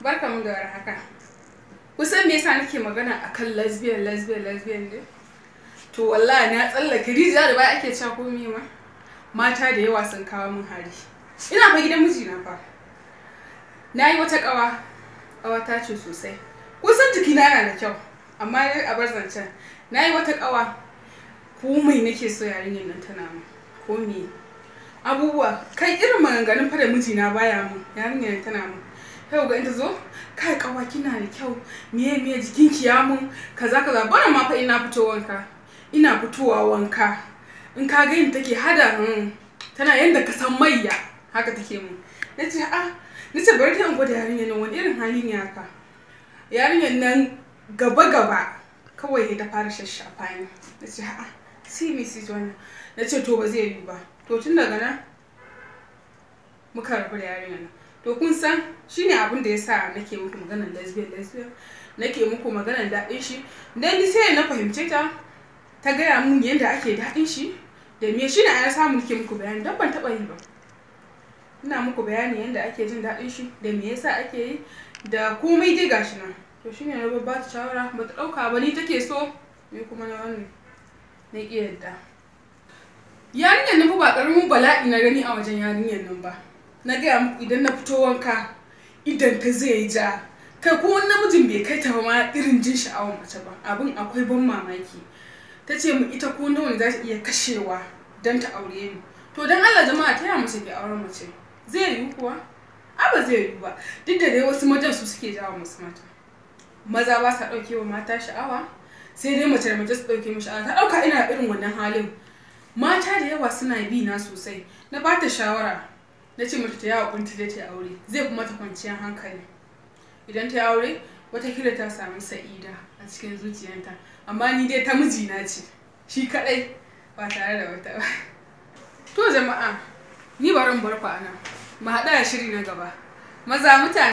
barka mu da warhaka kusan me yasa nake magana akan lesbian lesbian lesbian ne to wallahi na tsallake rijiya da baya ake cewa ko me ma mata da yawa sun kawo min hari ina fa gidan mijina fa na yi wata kawa kawa ta ce sosai kusan na yana da kyau amma a bar zancen na yi wata kawa komai nake so yarinyar nan tana mu ko me abubuwa kai irin maganganun fa da mijina baya mu yarinyar tana mu kai ga inda zo kai kawa kina da kyau miye miye jikinki ya mun kaza kaza bana ma fa ina fito wanka ina fitowa wanka in ka ga yin take hada hmm, tana yanda ka san mayya haka take mun nace a ah. nace bari ta in gwada yarinyar nan wani irin halin ya ka yarinyar nan gaba gaba kawai ta fara shashafa ni nace a ah, sai me sai wannan nace to ba zai yi ba to tun daga nan muka rabu da yarinyar nan to kun san shine abin da yasa nake muku maganar lesbian lesbian nake muku maganar daɗin shi dan ni sai na fahimce ta ta gaya mun yadda ake daɗin shi da me shine a samu nake muku bayani dan ban taɓa yi ba ina muku bayani yadda ake jin daɗin shi da me yasa ake yi da komai dai gashi nan to shine na babba ta shawara ba ta ɗauka ba ni take so ni kuma na wannan na ƙi yadda yarinyar nan ba ƙaramin bala'i na gani a wajen yarinyar nan ba na gaya muku idan na fito wanka idan ta zai ja kai ko wani namijin bai kai ta ma irin jin sha'awar mace ba abin akwai ban mamaki ta ce mu ita ko nawa ne za ta iya kashewa don ta aure mu. to don allah jama'a ta mace ke auren mace zai yiwu kuwa a ba zai yiwu ba duk da dai wasu mazan su suke jawo masu mata maza ba sa ɗauke wa mata sha'awa sai dai mace da mace su ɗauke mu sha'awa ta ɗauka ina irin wannan halin mata da yawa suna bi na sosai na ba ta shawara na ce mace ta yi kunta zai ta aure zai kuma ta kwanciyar hankali idan ta yi aure watakila ta samu sa'ida a cikin zuciyarta amma ni dai ta mijina ce shi kadai ba tare da wata ba to jama'a ni barin barku a nan a haɗa shiri na gaba maza mutane